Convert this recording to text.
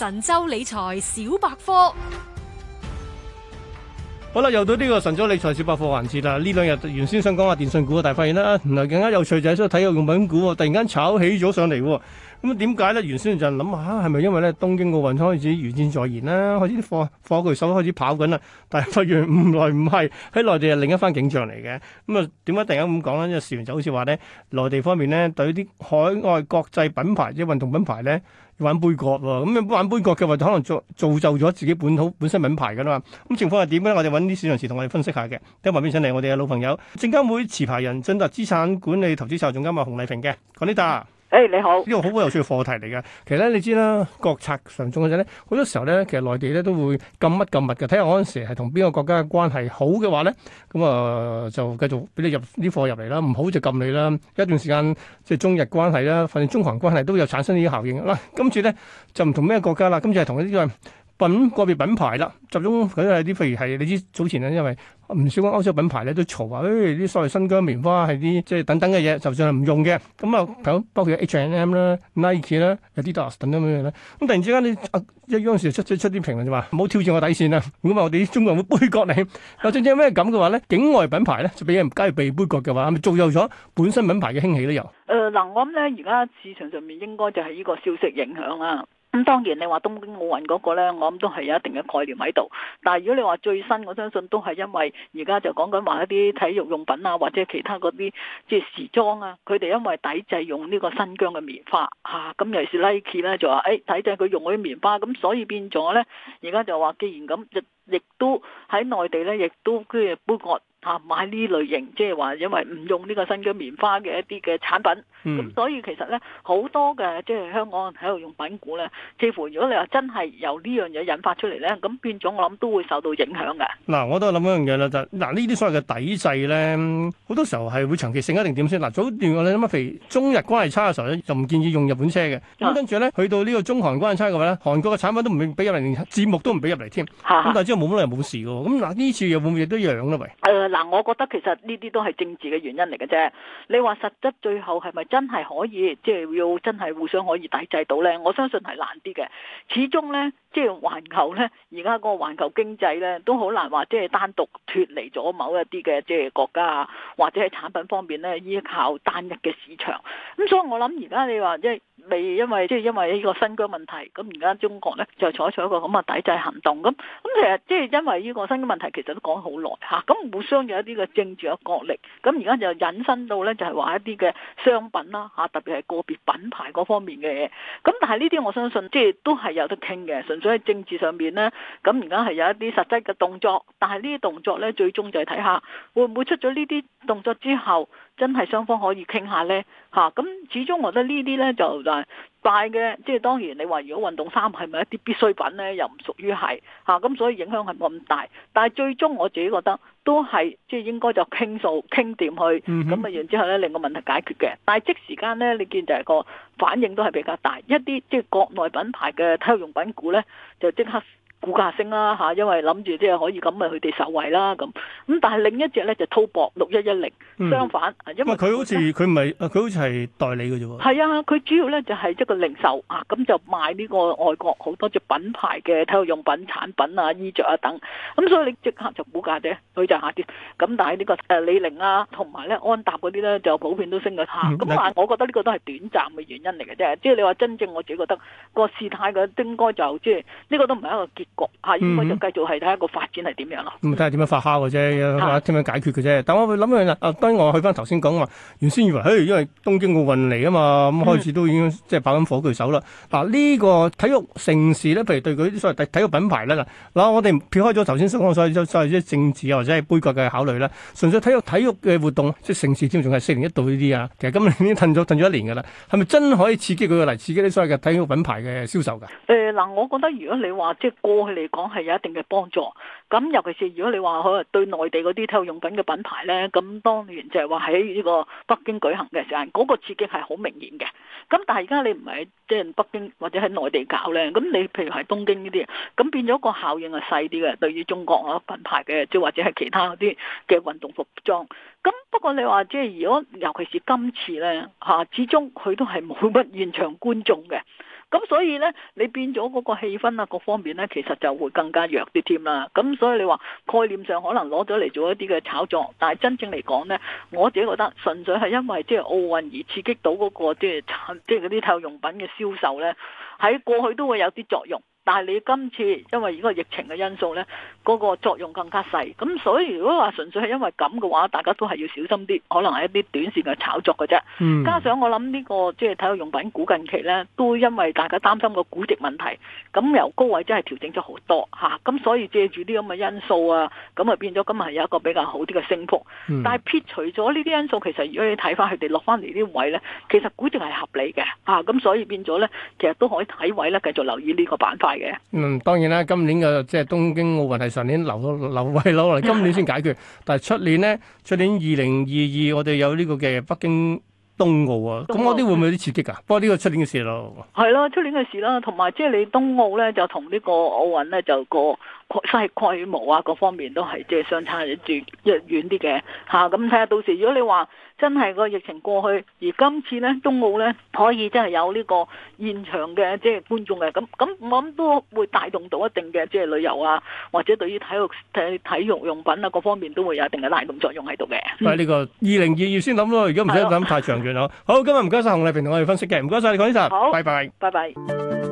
。神州理財小百科，好啦，又到呢個神州理財小百科環節啦。呢兩日原先想講下電信股，但係發現啦，原來更加有趣就係呢個體育用品股，突然間炒起咗上嚟。咁啊？點解咧？原先就諗下，係、啊、咪因為咧東京奧運開始如箭在弦啦，開始火火炬手開始跑緊啦？但係發現唔來唔係，喺內地係另一番景象嚟嘅。咁啊，點解突然咁講咧？即係事緣就好似話咧，內地方面咧對啲海外國際品牌即係運動品牌咧玩杯葛喎、喔，咁樣玩杯葛嘅話就可能造造就咗自己本土本身品牌噶啦嘛。咁情況係點咧？我哋揾啲市場人士同我哋分析下嘅。第一位先嚟，我哋嘅老朋友，證監會持牌人、駿達資產管理投資策總監阿熊麗萍嘅，講啲誒，hey，你好！呢個好好有趣嘅課題嚟㗎。其實咧，你知啦，國策上中嗰陣咧，好多時候咧，其實內地咧都會禁乜禁物嘅。睇下我嗰陣時係同邊個國家關係好嘅話咧，咁、嗯、啊就繼續俾你入啲貨入嚟啦。唔好就禁你啦。一段時間即係中日關係啦，反正中韓關係都有產生呢啲效應。嗱、啊，今次咧就唔同咩國家啦，今次係同呢個。品個別品牌啦，集中佢係啲，譬如係你知早前咧，因為唔少間歐洲品牌咧都嘈話，誒啲所謂新疆棉花係啲即係等等嘅嘢，就算係唔用嘅，咁啊，咁包括 H and M 啦、Nike 啦、Adidas 等等咁樣咧，咁突然之間咧，一央時就出出出啲評論就話唔好挑戰我底線啊，咁啊，我哋啲中國人會杯葛你。究竟有咩咁嘅話咧？境外品牌咧就俾人加入被杯葛嘅話，係咪造就咗本身品牌嘅興起都有。誒，嗱，我諗咧，而家市場上面應該就係呢個消息影響啦。咁、嗯、當然你話東京奧運嗰個咧，我諗都係有一定嘅概念喺度。但係如果你話最新，我相信都係因為而家就講緊話一啲體育用品啊，或者其他嗰啲即係時裝啊，佢哋因為抵制用呢個新疆嘅棉花嚇，咁、啊、尤其是 Nike 咧就話誒抵制佢用嗰啲棉花，咁所以變咗呢，而家就話既然咁，亦都喺內地呢，亦都跟住杯葛嚇買呢類型，即係話因為唔用呢個新疆棉花嘅一啲嘅產品，咁、嗯、所以其實咧好多嘅即係香港人喺度用品股咧，似乎如果你話真係由呢樣嘢引發出嚟咧，咁變咗我諗都會受到影響嘅。嗱，我都係諗一樣嘢啦，就嗱呢啲所謂嘅抵制咧，好多時候係會長期性一定點先嗱。早段我哋諗乜肥中日關係差嘅時候咧，就唔建議用日本車嘅，咁跟住咧，去到呢個中韓關係差嘅話咧，韓國嘅產品都唔俾入嚟，連節目都唔俾入嚟添咁。啊、但係之後冇乜人冇事嘅喎，咁嗱呢次又會唔會都一樣咧？喂嗱、啊，我覺得其實呢啲都係政治嘅原因嚟嘅啫。你話實質最後係咪真係可以，即係要真係互相可以抵制到咧？我相信係難啲嘅。始終咧，即係環球咧，而家個環球經濟咧，都好難話，即係單獨脫離咗某一啲嘅即係國家啊，或者係產品方面咧依靠單一嘅市場。咁所以，我諗而家你話，即係。未，因為即係因為呢個新疆問題，咁而家中國呢就採取一個咁嘅抵制行動。咁咁其實即係因為呢個新疆問題，其實都講好耐吓。咁互相有一啲嘅政治嘅角力，咁而家就引申到呢，就係、是、話一啲嘅商品啦吓、啊，特別係個別品牌嗰方面嘅嘢。咁、啊、但係呢啲我相信即係都係有得傾嘅，純粹喺政治上面呢。咁而家係有一啲實質嘅動作，但係呢啲動作呢，最終就係睇下會唔會出咗呢啲動作之後，真係雙方可以傾下呢。吓、啊。咁始終我覺得呢啲呢就。就但係嘅，即係當然，你話如果運動衫係咪一啲必需品咧，又唔屬於係吓，咁、啊、所以影響係冇咁大。但係最終我自己覺得都係，即、就、係、是、應該就傾數傾掂去，咁啊，然之後咧令個問題解決嘅。但係即時間咧，你見就係個反應都係比較大，一啲即係國內品牌嘅體育用品股咧，就即刻。股價升啦嚇，因為諗住即係可以咁咪佢哋受惠啦咁。咁但係另一隻咧就滔博六一一零，相反，因為佢好似佢唔係佢好似係代理嘅啫喎。係啊，佢主要咧就係一個零售啊，咁就賣呢個外國好多隻品牌嘅體育用品產品啊、衣着啊等。咁、啊、所以你即刻就股價啫，佢就下跌。咁、啊、但係呢個誒李寧啊，同埋咧安踏嗰啲咧就普遍都升緊嚇。咁但係我覺得呢個都係短暫嘅原因嚟嘅啫。即、就、係、是、你話真正我自己覺得、這個事態嘅應該就即係呢個都唔係一個結。嚇，嗯、應該就繼續係睇下個發展係點樣啦。咁睇下點樣發酵嘅啫，點、嗯啊、樣解決嘅啫。但我會諗一啊，當然我去翻頭先講話，原先以為，嘿，因為東京奧運嚟啊嘛，咁、嗯嗯、開始都已經即係擺緊火炬手啦。嗱、啊，呢、這個體育盛事咧，譬如對佢啲所謂體育品牌咧嗱、啊，我哋撇開咗頭先所講，所謂即係政治或者係杯葛嘅考慮啦，純粹體育體育嘅活動，即係盛事添，仲係四年一度呢啲啊。其實今年已經褪咗褪咗一年噶啦，係咪真可以刺激佢嚟刺激啲所謂嘅體育品牌嘅銷售㗎？誒嗱、呃，我覺得如果你話即係過。嚟講係有一定嘅幫助，咁尤其是如果你話可能對內地嗰啲體育用品嘅品牌呢，咁當然就係話喺呢個北京舉行嘅時間，嗰個刺激係好明顯嘅。咁但係而家你唔係即係北京或者喺內地搞呢？咁你譬如喺東京呢啲，咁變咗個效應係細啲嘅。對於中國品牌嘅，即或者係其他嗰啲嘅運動服裝，咁不過你話即係如果尤其是今次呢，嚇，始終佢都係冇乜現場觀眾嘅。咁所以呢，你變咗嗰個氣氛啊，各方面呢，其實就會更加弱啲添啦。咁所以你話概念上可能攞咗嚟做一啲嘅炒作，但係真正嚟講呢，我自己覺得純粹係因為即係奧運而刺激到嗰個即係即係嗰啲體育用品嘅銷售呢，喺過去都會有啲作用。但係你今次，因為呢個疫情嘅因素咧，嗰、那個作用更加細。咁所以如果話純粹係因為咁嘅話，大家都係要小心啲，可能係一啲短線嘅炒作嘅啫。嗯、加上我諗呢、這個即係體育用品股近期咧，都因為大家擔心個估值問題，咁由高位真係調整咗好多嚇。咁、啊、所以借住啲咁嘅因素啊，咁啊變咗今日係有一個比較好啲嘅升幅。嗯、但係撇除咗呢啲因素，其實如果你睇翻佢哋落翻嚟啲位咧，其實估值係合理嘅啊。咁所以變咗咧，其實都可以睇位咧，繼續留意呢個板塊。嗯，當然啦，今年嘅即係東京奧運係上年留到留遺留嚟，今年先解決。 但係出年咧，出年二零二二，我哋有呢個嘅北京。冬奧啊，咁我啲會唔會有啲刺激啊？不過呢個出年嘅事咯，係咯、嗯，出 年嘅事啦。同埋即係你冬奧咧，就同呢個奧運咧，就個係規模啊，各方面都係即係相差一絕啲嘅嚇。咁睇下到時，如果你話真係個疫情過去，而今次咧冬奧咧可以真係有呢個現場嘅即係觀眾嘅，咁咁我諗都會帶動到一定嘅即係旅遊啊，或者對於體育體育用品啊各方面都會有一定嘅拉動作用喺度嘅。係呢、嗯、個二零二二先諗咯，而家唔使諗太長嘅。好，今日唔該晒。熊麗萍同我哋分析嘅，唔該晒。你講呢集，好，拜拜，拜拜。